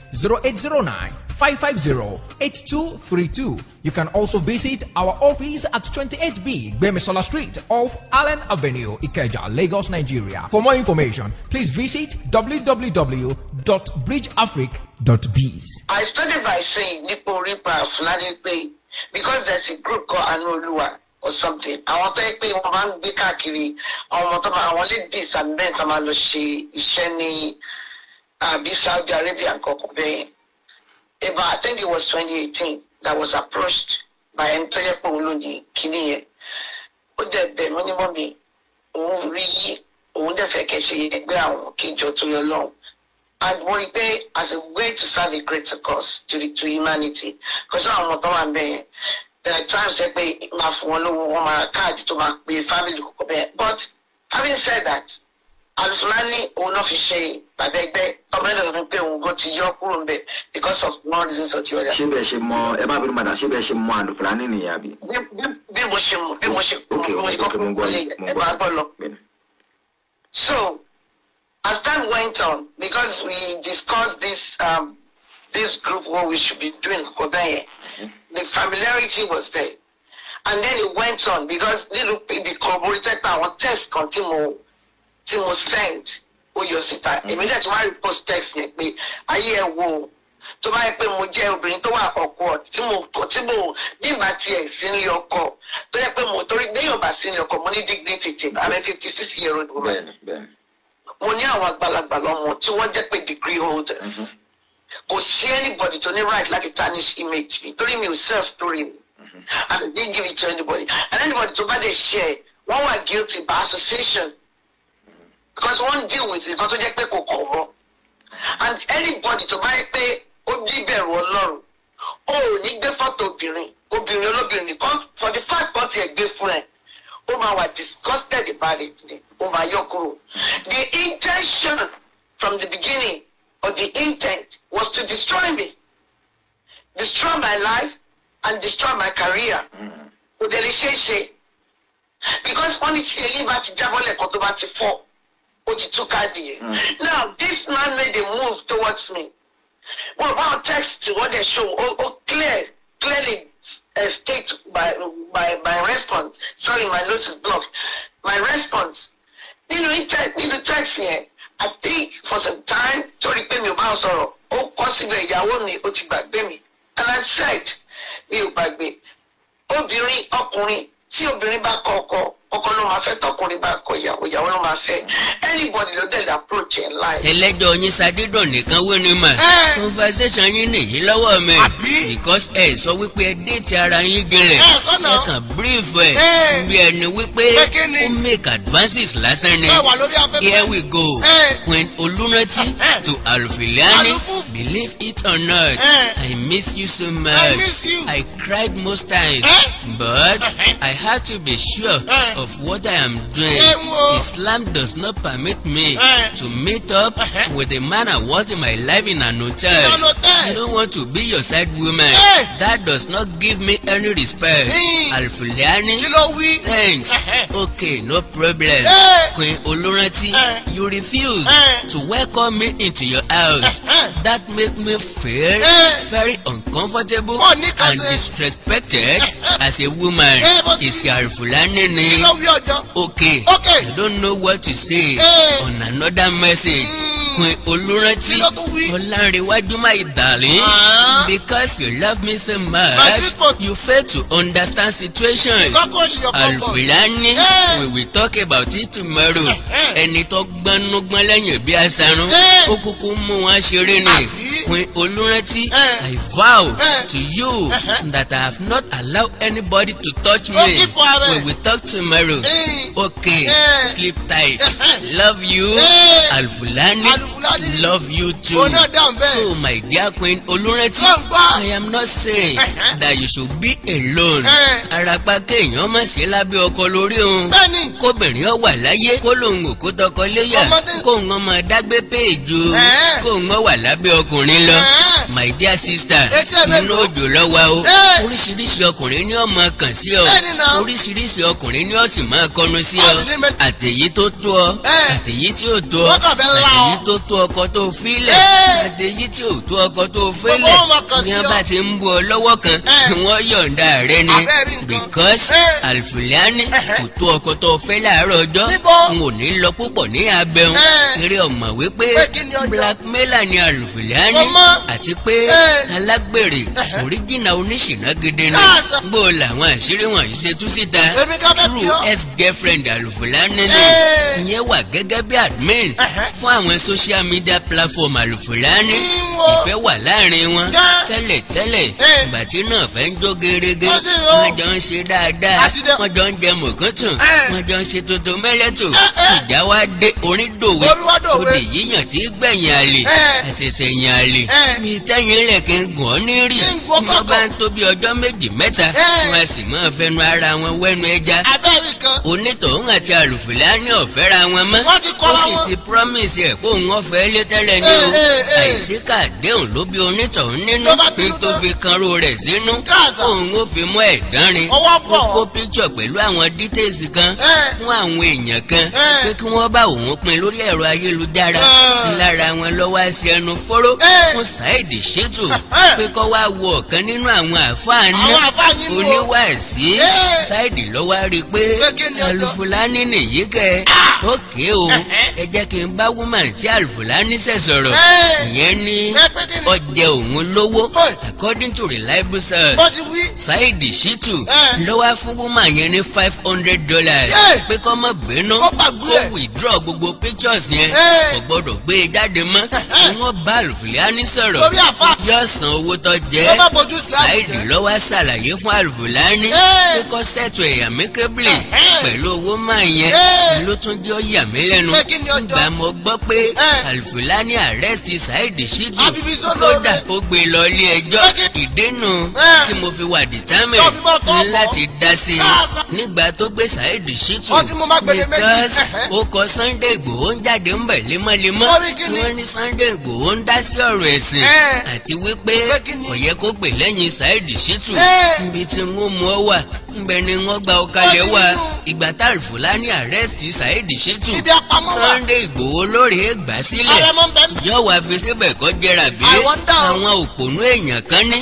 0809 550-8232. You can also visit our office at 28B Bemesola Street off Allen Avenue, Ikeja, Lagos, Nigeria. For more information, please visit www.bridgeafric.biz. I started by saying Nipo Ripa Fulani Pay because there's a group called Anolua or something. Àwọn tó yẹ pé wọ́n máa ń gbé káàkiri ọmọ tó máa àwọn ladies and men tó máa lọ ṣe iṣẹ́ ní àbí Saudi Arabia kankan bẹ́ẹ̀ about I think it was 2018 that was approached by ẹni tó yẹ pé òun e ló ní kinní yẹn ó dẹ̀ bẹ̀ mọ́ ní mọ́mí òun rí òun dẹ̀ fẹ́ kẹ́ ṣe and we rí pé as a way to serve a greater cause to the to humanity because àwọn ọmọ tó wà ń there are times that we máa fún wọn lówó wọn máa ra family kọ̀ọ̀kan bẹ́ẹ̀ but having said that alusumani òun náà fi ṣe bàbá ọmọ ẹ̀dọ̀ fún pé òun kò ti yọ kúrò ńbẹ̀ because of one reason or the other. ṣé bẹ́ẹ̀ ṣe mọ ẹ má bínú padà ṣé bẹ́ẹ̀ ṣe mọ àlùfáàní nìyẹn àbí. bí mo ṣe mọ bí mo ṣe kọ mo ṣe ẹ bá gbọ́ lọ. so as time went on because we discussed this um, this group what we should be doing kobẹ́yẹ mm-hmm. the familiarity was there and then it went on because nílùú ibi corroborated pa àwọn test kan tí mo send ó yọ síta èmi dẹ̀ tí wọ́n mm. á text yẹn pé ayé ẹ wo tó bá yẹ pé mo jẹ́ obìnrin tó wà àkọ́kọ́ tí mo tí mo bí ìgbà tiẹ̀ sí ní ọkọ tó yẹ pé mo torí gbéyàn bá sí ní ọkọ mo ní dignity tip abẹ́ fifty six year old woman mo ní àwọn àgbàlagbà lọ́mọ tí wọ́n jẹ́ pé degree holder. Mm -hmm kò sí anybody tó ní right láti tarnish image mi torí mi ò sell story mi mm-hmm. and I didn't give it to anybody and anybody tó bá dé share wọ́n wà guilty by association because one deal with it, tó jẹ́ pé kò kọ̀ wọ́n and anybody to bá yẹ pé ó bíbẹ̀rù ọlọ́run o ò ní gbé fọ́tò obìnrin obìnrin olóbìnrin Because for the fact kan tiẹ̀ gbé fún ẹ ó máa wà disgusted about it ni ó máa yọ kúrò the intention from the beginning or the intent was to destroy me destroy my life and destroy my career hmm. kò dẹ̀ lè ṣe é ṣe because wọ́n ní tí èyí bá ti jábọ́ lẹ́kọ̀ọ́ tó bá ti fọ́ ó ti túká now this man made a move towards me Well, bá text what dey show ó oh, ó oh, clear clearly uh, state by by by response sorry my nose is blocked my response You nínú nínú text yẹn i think for some time torí pé me about sorrow. Oh, ó kọ́ síbẹ̀ ìyàwó mi ó ti gbàgbé and i said mi ò Oh, obìnrin ọkùnrin tí obìnrin bá kọ ọkọ ọkọ ló máa fẹ́ tọkùnrin bá kọ ìyàwó ìyàwó ló máa fẹ́ anybody ló tẹ̀lé approach ẹ̀ láì. ẹlẹ́jọ́ yín sadídùn nìkan wé ni mà conversation yín nìyí lọ́wọ́ mi because ẹ sọ wípé ẹ déètì ara yín gẹlẹ̀ ẹ kàn brief ẹ bí ẹni wípé ó make advances lásán ni here we go Queen Olunati to Alufiliani believe it or not I miss you so much I, I cried most times but I had to be sure of what I am doing. Oh. Islam does not permit me eh. to meet up eh. with a man I was in my life in an hotel. I don't want to be your side woman. Eh. That does not give me any respect. Alfuliani, thanks. Okay, no problem. Queen Oluranti, you refuse to welcome me into your house. That makes me feel very uncomfortable oh, and disrespected as a woman. Is your Alfuliani ni wí ọjọ́. okay. okay. I don't know what to say hey. Eh. on another message. Mm. Ọlálékan Olúrántí Ọlárẹ̀wájú my darling ah. because you love me so much you fail to understand situations Alfulani eh. we will talk about it tomorrow eh, eh. ẹni tó gbanúgbọ́n lẹ́yìn bí asarun ó kúkú mú wọn ṣeré ni Queen Olúrántí I vow to you that I have not allowed anybody to touch me We will talk tomorrow okay sleep tight love you Alfulani olúfúládé. love you too. òun dáhùn bẹ́ẹ̀. so my dear queen olúrántí. wọ́n gbọ́. i am not saying that you should be alone. arapa kéèyàn má ṣe lábẹ́ ọkọ lórí òun. bẹ́ẹ̀ni. kóbìnrin ọ wà láyé kó lòun ò kó tọkọ léyà kóun ọmọ dágbé péjò kóun ọ wà lábẹ́ ọkùnrin lọ my dear sister inú òjò lọ́wọ́ o oríṣiríṣi ọkùnrin ni ó máa kàn sí ọ oríṣiríṣi ọkùnrin ni ó sì máa kọnu sí ọ àtẹ̀yí tó tó ọ àtẹ̀yí tí ò tó ọ àtẹ̀yí tó tó ọkọ tó fílẹ̀ àtẹ̀yí tí ò tó ọkọ tó fílẹ̀ ni wọ́n bá ti ń bu ọ lọ́wọ́ kan wọ́n yọ̀ǹda rẹ ni because alfilani kò tó ọkọ tó fẹ́ láàárọ̀ ọjọ́ n ò ní lọ púpọ̀ ní abẹ́hùn eré ọ̀mọ̀ wípé blackmailer pé alágbèrè òríjìnà oníṣìná gidi ni gbó làwọn àṣírí wọ̀nyí ṣe tú síta true ex girlfriend àlùfòlání ni ìyẹn wà gẹ́gẹ́ bí admin fún àwọn social media platform àlùfòlání ìfẹ́ wà láàrin wọn tẹ́lẹ̀ tẹ́lẹ̀ bàtí náà fẹ́ ń jó gerege wọ́n jọ ń ṣe dáadáa wọ́n jọ ń jẹ mọ̀kántàn wọ́n jọ ń ṣe tuntun mẹ́lẹ́tò ìjà wa dé orin dòwe òde yíyàn tí gbẹ̀yìn àlè àṣẹ̀ṣẹ̀yìn àlè mi tẹ́ sẹ́yìn rẹ̀ kí n gùn ọ́ ní rí. wọ́n bá ń tó ọjọ́ méjì mẹ́ta wọ́n sì máa fẹnu ara wọn wẹ́nu ẹja. onítọ̀hún àti àlùfẹ́lá ní ọ̀fẹ́ ra wọn mọ́. ó sì ti promise ẹ̀ kó ń ọ̀fẹ́ lé tẹ́lẹ̀ ní o. àìsí kàdéhùn ló bí onítọ̀hún nínú kí tó fi kanró rẹ̀ sínú. òun ó fi mú ẹ̀dán rin. ó kó picture pẹ̀lú àwọn details kan fún àwọn èèyàn kan pé kí wọ́n bá òun pin lórí ẹ̀rọ ayélujára. lára wọn lọ́wọ́ àṣẹ ẹnu fóró fún Saheed ṣètò eh, eh. pé kọ́ wá wo ọ̀kan nínú àwọn àfáà náà oníwàásí ṣáìdì eh. lọ́wọ́ rí i pé alufulani nìyí kẹ́ ah! ókè o ẹ jẹ́ kí n bá woman tí alufulani ṣe sọ̀rọ̀ ìyẹn ní ọjẹ́ òun lówó according to reliable source ṣáìdì ṣètò lọ́wọ́ fún woman yẹn ní five hundred dollars pé kọ́ mọ̀ bínú kó withdraw gbogbo pictures yẹn kò gbọ́dọ̀ gbé e jáde mọ́ wọ́n bá alufulani sọ̀rọ̀ àfa. yóò san owó tó jẹ́. ló má bójú islam jẹ́. Saheed ló wá ṣàlàyé fún Alvulani. kíkọ́ sẹ́tù ẹ̀yà mẹ́kẹ́bìlì pẹ̀lú owó máa yẹn ló tún jẹ́ ó yà mí lẹ́nu. nígbà mo gbọ́ pé Alvulani arrest Saheed Shittu kódà ó gbé lọ ilé ẹjọ́ ìdènà tí mo fi wà determine láti dá sí i nígbà tó gbé Saheed Shittu because ó kọ Sunday Igboho ń jáde ń bẹ̀ lemọ́lemọ́ wọ́n ní Sunday Igboho ń dá sí ọ̀rọ̀ ẹ̀sìn àti wípé kò yẹ kó pè lẹ́yìn Saheed Shittu níbi tí wọ́n mú ọ wà ńbẹ ni wọ́n gba ọ̀kalẹ̀ wa ìgbà tá Al-Fulani àrẹ́sì Saheed Shittu Sunday Ìgbòho lórí ègbà sílẹ̀ yóò wá fi síbẹ̀ kọ́ jẹrà bí àwọn òpònú èèyàn kan ní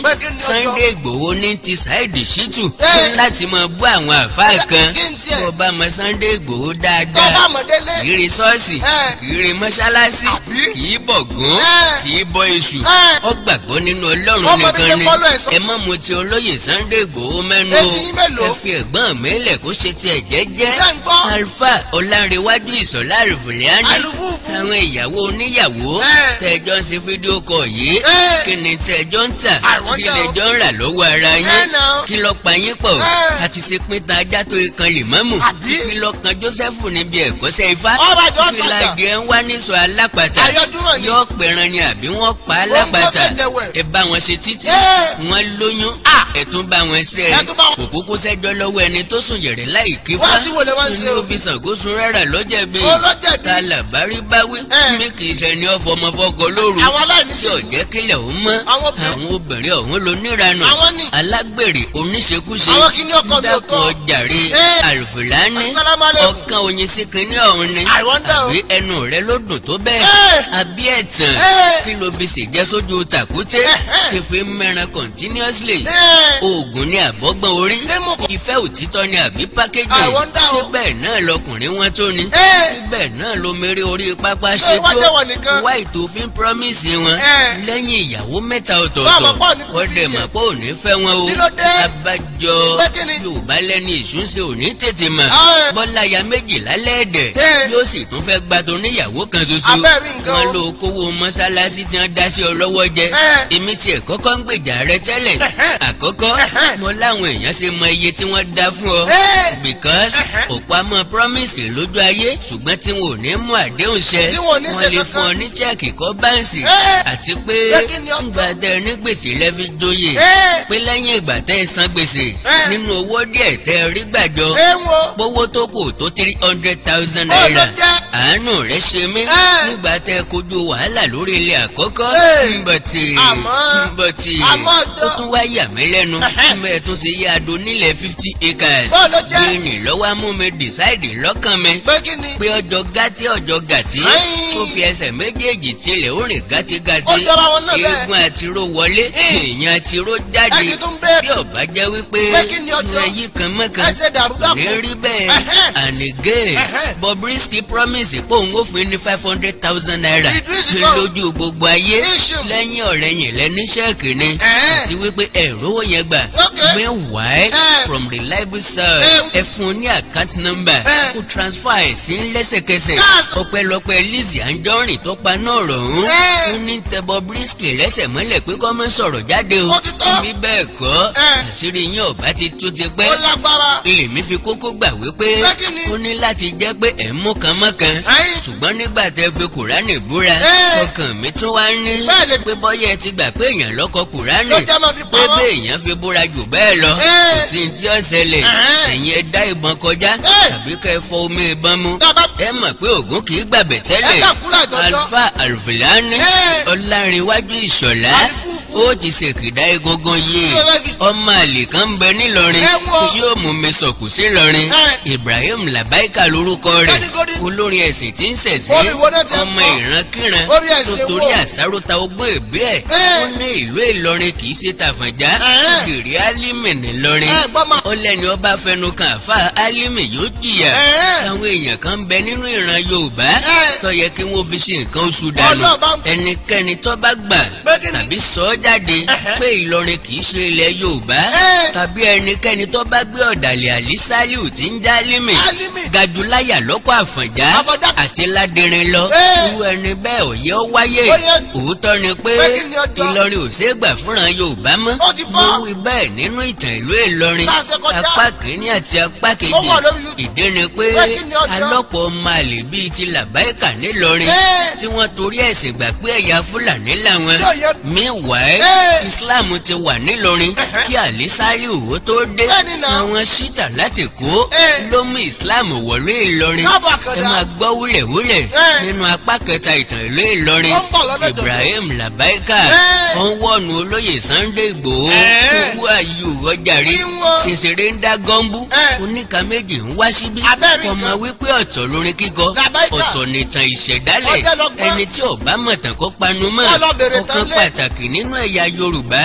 Sunday Ìgbòho ní ti Saheed Shittu láti máa bú àwọn àfáà kan tó bá mọ Sunday Ìgbòho dáadáa kì í rí ṣọ́ọ̀ṣì kì í rí mọ́ṣáláṣí kì í bọ̀gán kì í bọ èṣù ọ gbàgbọ́ nínú ọlọ́run nìkan ni ẹ má mu ti olóyè Sunday Igboho mẹ́nu o ẹ fi ẹ̀gbọ́n mi lẹ̀ kó ṣe tiẹ̀ jẹ́jẹ́ alfa ọlárẹ̀wájú ìsọ̀lá rìfìlẹ́ánì àwọn ìyàwó oníyàwó tẹ̀jọ́ ṣe fídíò kọ yìí kí ni tẹ̀jọ́ ń tà kí lẹjọ́ ń rà lọ́wọ́ ara yín kí lọ́ọ́ pa yín pọ̀ àti ṣe pín ta ajá tó ikan lè mọ́mù kí lọ́ọ́ kan Joseph níbi ẹ̀kọ́ṣẹ́ ifá kí fìlà gẹ̀ ń wá níṣọ alápàtà yọ pẹ̀ràn ni àbí wọ́n pa alápàtà satan ẹ bá wọn ṣe títí wọn lóyún ah. ẹ tún bá wọn ṣe ẹ òkúkú sẹjọ lọ́wọ́ ẹni tó sùn yẹrẹ láì kí fún un ló fi ṣàkóso rárá lọ́jẹ̀bi tàlàbárí báwí mi kì í ṣẹni ọfọ ọmọ fọkọ lóru tí ọjẹ kílẹ ò mọ àwọn obìnrin ọ̀hún ló níranù alágbèrè oníṣekúṣe dákun ọjàre àlùfùlání ọkàn oyin sí kinní ọ̀hún ni àbí ẹnu rẹ ló dùn tó bẹ́ẹ̀ àbí ẹ̀tàn kí ló fi ṣèjẹ́ sójú epo tàkúté eh, eh. ti fi mẹ́ran continuously eh. oògùn ni àbọ́gbọ́n orí ìfẹ́ òtítọ́ ni àbí pákéjì síbẹ̀ náà lọkùnrin wọn tó ni síbẹ̀ náà lomere orí pápá ṣe tó wá ìtòfin promise wọn lẹ́yìn ìyàwó mẹ́ta ọ̀tọ̀ọ̀tọ̀ ọ̀dẹ̀ mọ̀ pé òní fẹ́ wọn o abájọ yorùbá lẹ́ni ìṣúnṣe òní tètè mọ̀ ah. bọ́lá ya méjìlá lẹ́ẹ̀dẹ̀ yóò sì tún fẹ́ gbàtọ́ níyàwó kan ṣoṣo wọn lò kówó mọ́ṣáláṣí tí wọ́n dá sí ọ lọ́wọ́ jẹ èmi tiẹ̀ kọ́kọ́ ń gbèjà rẹ tẹ́lẹ̀ àkọ́kọ́ mo láwọn èèyàn ṣe mọ iye tí wọ́n dá fún ọ because òpó àmọ́ promise lójú ayé ṣùgbọ́n tí wọn ò ní mú àdéhùn ṣẹ wọ́n lè fún ọ ní chẹ́ẹ̀kì kọ́ báǹsì àti pé ńgbà tẹ ní gbèsè lẹ́fi joyè pé lẹ́yìn ìgbà tẹ ẹ san gbèsè nínú owó díẹ̀ tẹ rí gbàjọ gbowó tó kù tó three hundred thousand naira àánú rẹ ṣe mí nígbà tẹ kojú wàhálà lórí ilé àkọ́kọ́ ńbẹ bọ́tì bọ́tì ó tún wá yà mí lẹ́nu bẹ́ẹ̀ tó ṣe yá ado nílẹ̀ fifty acres gbẹ̀yìn lọ́wọ́ mú mi decide lọ́kàn mi pé ọjọ́ gàtí ọjọ́ gàtí tó fi ẹsẹ̀ méjèèjì tilẹ̀ ó rìn gàtígàtí eégún àtiró wọlé èèyàn àtiró jáde bí ọba jẹ́ wípé ẹyí kan mọ́kan kò ní rí bẹ́ẹ̀ ànigé Bobrisky promise pé òun ó fún ní five hundred thousand naira lójú gbogbo ayé lẹ́yìn lẹ́yìn ọ̀rẹ́ yìí lẹ́nu ṣẹ́ẹ̀kì ni eh. àti wípé ẹ̀rọ owó yẹn gbà meanwhile eh. from reliable source eh. ẹ fún un ní account number kó transfer ẹ̀ sí lẹ́sẹ̀kẹsẹ̀ ọpẹ́lọpẹ́ Lizzy Anjorin tó pa náà rọ̀hún ó ní tẹbọ Brisky rẹ́sẹ̀ mọ́lẹ̀ pé kọ́ mọ́ sọ̀rọ̀ jáde o bí bẹ́ẹ̀ kọ́ àṣírí yín ọ̀bá ti tó ti pẹ́ lèmi fi kókó gbà wípé ó ní láti jẹ́ pé ẹ̀ ń mú kan mọ́ ṣùgbọ́n nígbà tẹ fi Kùránì búra ọkàn mi tún wá ní pé bọ́yẹ̀ ti gbà pé èèyàn lọ́kọ̀ kùránì pé bẹ́ẹ̀ èèyàn fi búra jù bẹ́ẹ̀ lọ kò sí tí ó ṣẹlẹ̀ ẹ̀yin ẹ dá ìbọn kọjá tàbí kẹ́ ẹ fọ omi ìbọn mu ẹ mọ̀ pé ògún kì í gbàbẹ̀ tẹ́lẹ̀ alfa alfilani ọlárinwájú ìṣọ̀lá ó ti ṣèkìdá egungun yìí ọmọ àlìkàn bẹ nílọrin yóò mú mi sọ̀kù sí lọrin ibrahim labaika lórúkọ rẹ̀ olórin ẹ̀sìn tí ń ṣẹ̀sìn ọmọ ìrankíran tó torí àṣàrò ta ogún èb ibùgbé ẹ̀ ó ní ìlú Ìlọrin kì í ṣe tàfànjá gèrè Álímì nìlọrin ó lẹ́ni ọba fẹnu kan àfa Álímì yóò jìyà àwọn èèyàn kan bẹ nínú ìran Yorùbá tó yẹ kí wọ́n fi ṣe nǹkan oṣù dànù ẹnikẹ́ni tó bá gbà tàbí sọ ọ́ jáde pé Ìlọrin kì í ṣe ilẹ̀ Yorùbá tàbí ẹnikẹ́ni tó gbé ọ̀dàlẹ̀ àlí sálíù tí ń já Álímì gajúláyà lọ́kọ̀ àfànjá àti ládìrín lọ irú ẹni bẹ́ẹ̀ òye ó wáyé òótọ́ ni pé Ìlọrin ò ṣeé gbà fúnra Yorùbá mọ́ mo wí bẹ́ẹ̀ nínú ìtàn ìlú Ìlọrin apá kìíní àti apá kejì ìdí ni pé alọ́pọ̀ ọmọ àlè bíi ti Làbáìkà nílọrin tí wọ́n torí ẹ̀sìn gbà pé ẹ̀yà Fúlàní làwọn meanwhile Islam ti wà nílọrin kí àlè sáyò owó tó dé àwọn ṣítà láti kó ló mú Islam wọlé Ìlọrin ẹ máa gbọ́ wúlẹ̀wúlẹ̀ nínú apá kẹta ìtàn ìlú Ìlọrin Ibrahim Làbá làbáyíká wọn wọnú olóyè Sunday Igboho owó ayò ọjàre ṣèṣeré ń dá gọ́ńbú oníka méjì ń wá síbí ọmọ wípé ọ̀tọ̀ lórin kíkọ ọ̀tọ̀ nìtàn ìṣẹ̀dálẹ̀ ẹni tí ọba mọ̀tàn kó panu mọ́ ọ̀kan pàtàkì nínú ẹ̀yà Yorùbá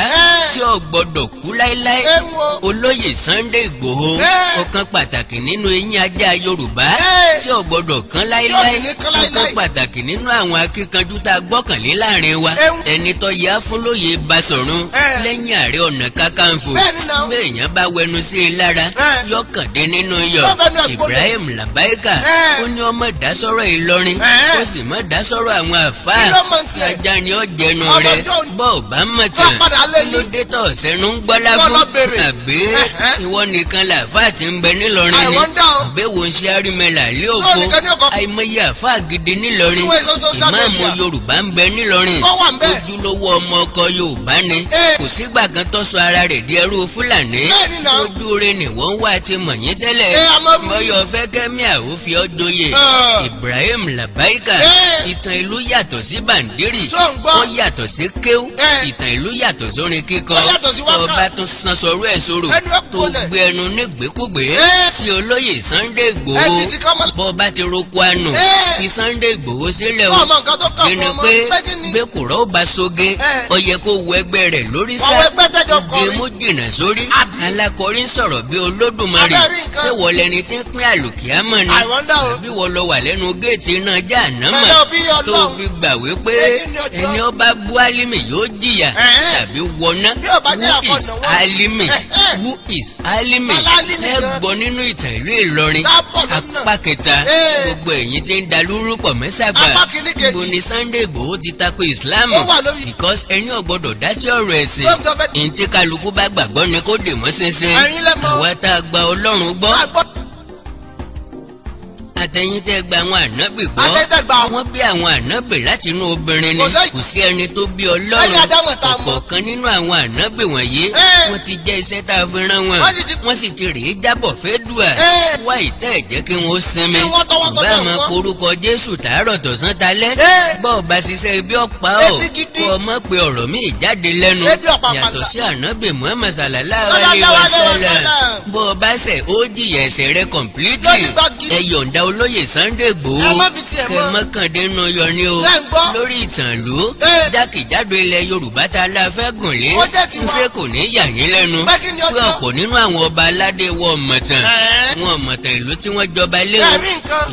tí ó gbọ́dọ̀ kú láéláé olóyè Sunday Igboho ọ̀kan pàtàkì nínú eyín ajá Yorùbá tí ó gbọ́dọ̀ kán láéláé ọ̀kan pàtàkì nínú àwọn akíkanjú tá a gbọ́kànlé wa ẹni tó yá fún lóye Basọ̀run lẹ́yìn Ààrẹ Ọ̀nà Kakanfò bẹ́ẹ̀yàn bá wẹnu sí i lára yọkàndé nínú yọ Ibrahim Labaika ó ní ọmọ ìdásọ́rọ̀ Ìlọrin ó sì mọ ìdásọ́rọ̀ àwọn àfáà ajá ni ó jẹnu rẹ bọ́ọ̀ bá mọ̀ tán lóde tọ̀ sẹ́nu ń gbọ́lá fún àbí ìwọ nìkan làáfáà ti ń bẹ nílọrin ni àbẹ̀wò ń ṣe àrímẹ́là lé òfo àìmọye àfáà gidi nílọrin ìmáàmù Yorùbá ń bẹ nílọrin ojúlówó ọmọ ọkọ yorùbá ni kò sígbà kan tó sọ ara rẹ̀ di ẹrú fúlàní ojú rẹ̀ ni wọ́n wá ti mọ̀yín tẹ́lẹ̀ mọ́yọ́ fẹ́ kẹ́mi àwọ̀ ibrahim labaika ìtàn ìlú yàtọ̀ sí bàǹdírì ó yàtọ̀ sí kéw ìtàn ìlú yàtọ̀ sórin kíkọ ọba tó sansọ̀rọ̀ ẹ̀ sọ̀rọ̀ tó gbẹnu nígbèkúgbè sí olóyè Sunday Igboho bó bá ti roko àánú fi Sunday Igboho sílẹ̀ o nínú pé bẹ́kùrọ́ ó bá soge ó yẹ kó wọ ẹgbẹ́ rẹ̀ lórí sá gèmú jìnnà sórí alákọ̀ọ́rí ń sọ̀rọ̀ bí olódùmarè ṣé wọ́n lẹni tí ń pín àlùkìyámọ̀ ni àbí wọ́n lọ wà lẹ́nu géètì iná jàǹnàmà tó fi gbà wípé ẹni ó bá bú Alimi yóò jìyà tàbí wọná who is Alimi who is Alimi ẹ gbọ́ nínú ìtàn ìlú Ìlọrin apá kẹta gbogbo ẹ̀yin tí ń da lúrú pọ̀ mẹ́sàgbà ibo ni Sunday Igboho ti tako Islam because ẹni ò gbọ́dọ̀ dá sí ọ̀rọ̀ ẹ̀sìn ní tí kálukú bá gbàgbọ́ ni kó dè mọ́ ṣinṣin àwa tá a gba Ọlọ́run gbọ́ àtẹ̀yìn tẹ́ gba àwọn ànábì gbọ́ wọ́n bí àwọn ànábì láti inú obìnrin ni kò sí ẹni tó bí ọlọ́run ọ̀kọ̀ọ̀kan nínú àwọn ànábì wọ̀nyí wọ́n ti jẹ́ iṣẹ́ tá a fi rán wọn wọ́n sì ti rèé jábọ̀ fẹ́dùà wá ìtẹ́ ẹ̀jẹ̀ kí wọ́n sinmi bá a máa porúkọ jésù tàárọ̀ tọ̀sán talẹ́ bọ́ ọba ṣiṣẹ́ ibi ọ̀pá ọ̀ kó ọmọ pé ọ̀rọ̀ mi ìjáde lẹ́nu yàtọ̀ sí ànábì muhammed sallallahu alayhi wa sallam bọ́ ọba ṣẹ̀ ó jìyà ẹ̀ṣẹ̀ rẹ̀ completely ẹ yọ̀ǹda olóyè Sunday Igboho kẹmọkàndínú yọ ni o lórí ìtàn ló jákèjádò ilẹ̀ Yorùbá tá la fẹ́ gùn lé ṣé kò ní yà yín lẹ́nu pé ọ̀pọ̀ nínú àwọn ọba aládé wọ mọ̀tàn wọn mọ̀tàn ìlú tí wọ́n jọba lé o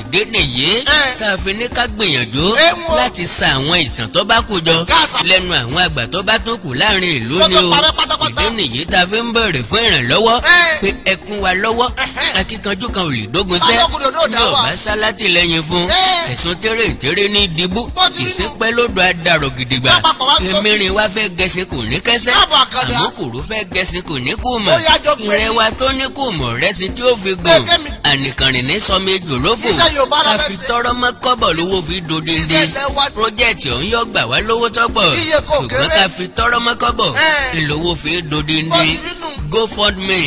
ìdí nìyí tá a fi ní ká gbìyànjú láti sa àwọn ìtàn tó bá kù jọ lẹ́nu àwọn àgbà tó bá tún kù láàrin ìlú ni o ìdí nìyí tá a fi ń bẹ̀rẹ̀ fún ìrànlọ́wọ́ pé ẹkún wa lọ́wọ́ akíkanjú kan ò lè dógun sẹ́ ní ọ̀ mọ́sálátì lẹ́yìn fún eh. ẹ̀sùn tẹ́rẹ̀ tẹ́rẹ̀ ní ìdìbò ìsìnpẹ́ lọ́dọ̀ adarọ̀ gidigba emirin wa fẹ́ gẹ̀ẹ́sì kò ní kẹsẹ́ àmókòrò fẹ́ gẹ̀ẹ́sì kò ní kú mọ̀ ìrẹwà tó ní kú mọ̀ rẹ́sì tí ó fi gbò ànìkànrìn ní sọmi jòlófò káfi tọrọ mọ́ kọ́bọ̀ lówó fi dòdìdì pọ́jẹ́tì ọ̀hún yọ gbà wá lówó tọ́pọ̀ ṣùgbọ́n káfi tọrọ mọ́ kọ́bọ̀ eh. ìlówó fi dòdìdì gofundme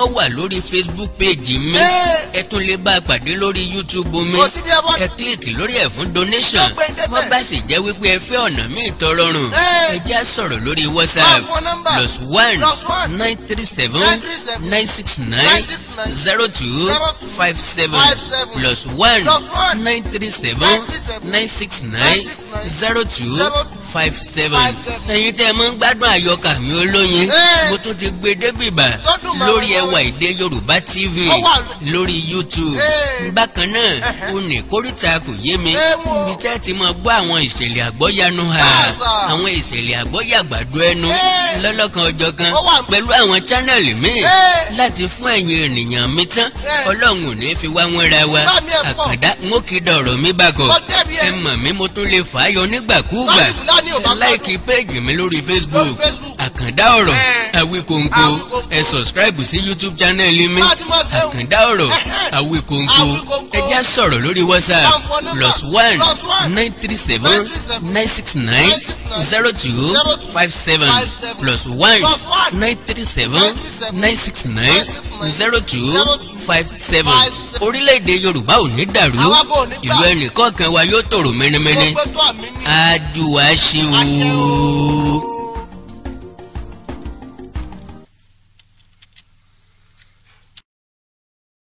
ó wà lórí facebook page mi eh. ẹ tún lè bá a pàdé lórí YouTube mi ẹ kílíkì lórí ẹ̀ fún donation wọ́n bá sì jẹ́ wípé ẹ fẹ́ ọ̀nà míì tọrọrùn ẹ já sọ̀rọ̀ lórí WhatsApp plus one nine three seven nine six nine zero two five seven plus one nine three seven nine six nine zero two five seven ẹ̀yin tẹ́ ẹ mọ́ ń gbádùn àyọkà mi olóyin mo tún ti gbé débìbà lórí ẹwà èdè Yorùbá TV lórí YouTube bákan kan náà ó ní kórìtà kò yé mi ibi tẹ́ ti máa gbọ́ àwọn ìṣẹ̀lẹ̀ àgbọ́yanu ha àwọn ìṣẹ̀lẹ̀ àgbọ́yà ẹnu lọ́lọ́kan ọjọ́ kan pẹ̀lú àwọn chánẹ́ẹ̀lì míì láti fún ẹ̀yin ènìyàn mi tán ọlọ́run ò ní fi wá wọn ra wa àkàndá ń ó kí dọ̀rọ̀ mi bàgọ̀ ẹ mọ̀ mi mo tún lè fà á yọ nígbàkúùgbà láìkí péèjì mi lórí Facebook àkàndá ọ̀rọ̀ àwíkóńkó ẹ subscribe sí YouTube channel mi àkàndá ọ̀rọ̀ àwíkóńkó ẹ já sọ̀rọ̀ lórí whatsapp plus one nine three seven nine six nine zero two five seven plus one nine three seven nine six nine zero two five seven orílẹ̀-èdè yorùbá ò ní dàrú ìlú ẹnìkọ̀ọ̀kan wa yóò tòrò mẹ́nẹ́mẹ́nẹ́ wa ṣe ooo.